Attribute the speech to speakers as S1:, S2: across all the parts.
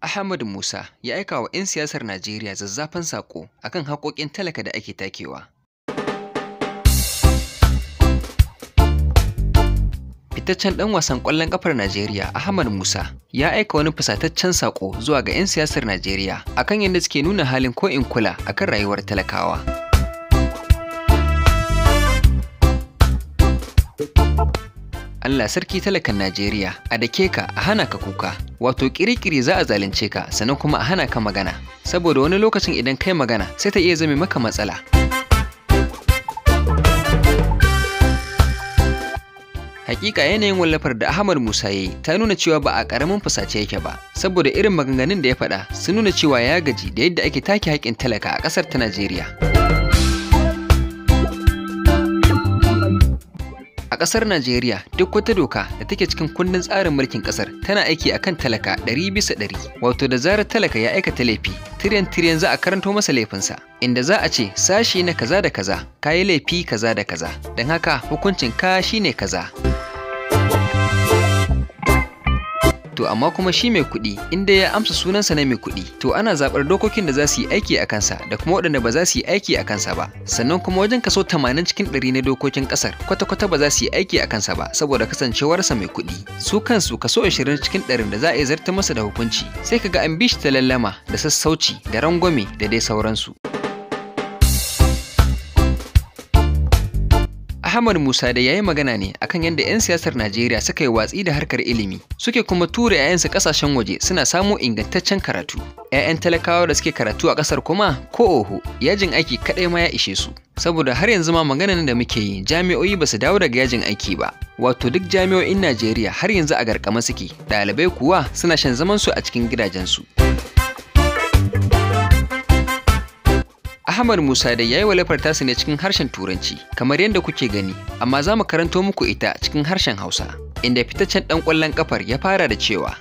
S1: Ahmad Musa ya aika wa 'yan siyasar Najeriya zazzafan saƙo akan haƙoƙin talaka da ake takewa. Fitaccen ɗan wasan ƙwallon ƙafar Najeriya Ahmad Musa ya aika wani fusataccen saƙo zuwa ga 'yan siyasar Najeriya akan yadda suke nuna halin ko in kula akan rayuwar talakawa. Allah sarki talakan Najeriya a dake ka a hana ka kuka wato kirikiri za a zalunce ka sannan kuma a hana ka magana saboda wani lokacin idan kai magana sai ta iya zame maka matsala Hakika yanayin wallafar da Ahmad Musa yayi ta nuna cewa ba a karamin fusace yake ba, saboda irin maganganun da ya faɗa sun nuna cewa ya gaji da yadda ake take haƙƙin talaka a ƙasar ta Najeriya. ƙasar Najeriya duk wata doka da take cikin kundin tsarin mulkin ƙasar tana aiki akan talaka ɗari bisa ɗari, wato da zarar talaka ya aikata laifi, tiryan tiryan za a karanto masa laifinsa, inda za a ce sashi na kaza da kaza, kayi laifi kaza da kaza, don haka hukuncin ka shine kaza. to amma kuma shi mai kuɗi inda ya amsa sunansa na mai kuɗi to ana zaɓar dokokin da za su yi aiki a kansa da kuma waɗanda ba za su yi aiki a kansa ba sannan kuma wajen kaso 80 cikin 100 na dokokin ƙasar kwata-kwata ba za su yi aiki a kansa ba saboda kasancewarsa mai kuɗi su kansu kaso 20 cikin 100 da za a yi zartar masa da hukunci sai kaga an bi shi ta lallama da sassauci da rangwame da dai sauransu. Ahmad Musa da yayi magana ne akan yadda 'yan siyasar Najeriya suka yi watsi da harkar ilimi, suke kuma tura 'ya'yansu kasashen waje suna samo ingantaccen karatu. 'Ya'yan talakawa da suke karatu a ƙasar kuma ko oho, yajin aiki kaɗai ma ya ishe su. Saboda har yanzu ma maganan da muke yi jami'o'i ba su dawo daga yajin aiki ba. Wato duk jami'o'in Najeriya har yanzu a garkama suke, ɗalibai kuwa suna shan zaman su a cikin gidajensu. Ahmad Musa da yayi walafar tasu ne cikin harshen Turanci, kamar yadda kuke gani, amma za mu karanto muku ita cikin harshen Hausa, inda fitaccen ɗan ƙwallon ƙafar ya fara da cewa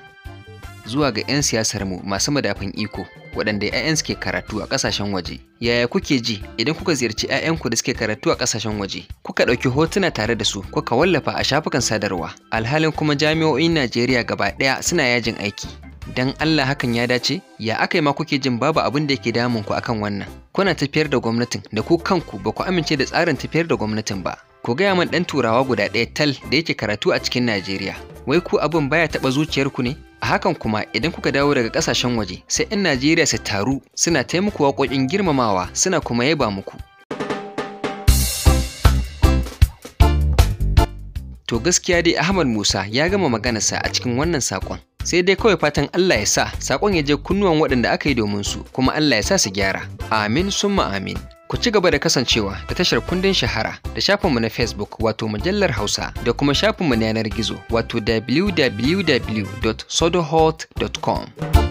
S1: zuwa ga 'yan siyasar mu masu madafin iko waɗanda 'ya'yan suke karatu a ƙasashen waje. Yaya kuke ji idan kuka ziyarci 'ya'yanku da suke karatu a ƙasashen waje? Kuka ɗauki hotuna tare da su, kuka wallafa a shafukan sadarwa, alhalin kuma jami'o'in Najeriya gaba ɗaya suna yajin aiki. dan Allah hakan ya dace ya aka ma kuke jin babu abin da yake damun ku akan wannan kuna tafiyar da gwamnatin da ku kanku ba ku amince da tsarin tafiyar da gwamnatin ba ku gaya min dan turawa guda ɗaya tal da yake karatu a cikin Najeriya wai ku abin baya taɓa zuciyarku ne a hakan kuma idan kuka dawo daga ƙasashen waje sai in Najeriya su taru suna taimaka waƙoƙin girmamawa suna kuma yaba muku To gaskiya dai Ahmad Musa ya gama maganarsa a cikin wannan saƙon. sai dai kawai fatan Allah ya sa sakon ya je kunnuwan waɗanda aka yi domin su kuma Allah ya sa su gyara amin summa amin Ku ci gaba da kasancewa da tashar kundin shahara da shafinmu na Facebook wato mujallar Hausa da kuma shafinmu na yanar gizo wato www.sodohot.com.